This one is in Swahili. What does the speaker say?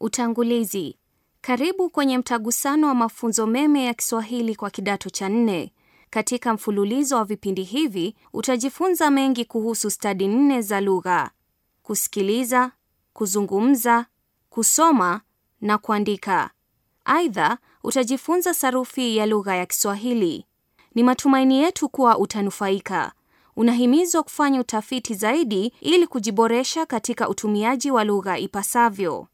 Utangulizi. Karibu kwenye mtagusano wa mafunzo meme ya Kiswahili kwa kidato cha nne. Katika mfululizo wa vipindi hivi utajifunza mengi kuhusu stadi nne za lugha: kusikiliza, kuzungumza, kusoma na kuandika. Aidha, utajifunza sarufi ya lugha ya Kiswahili. Ni matumaini yetu kuwa utanufaika. Unahimizwa kufanya utafiti zaidi ili kujiboresha katika utumiaji wa lugha ipasavyo.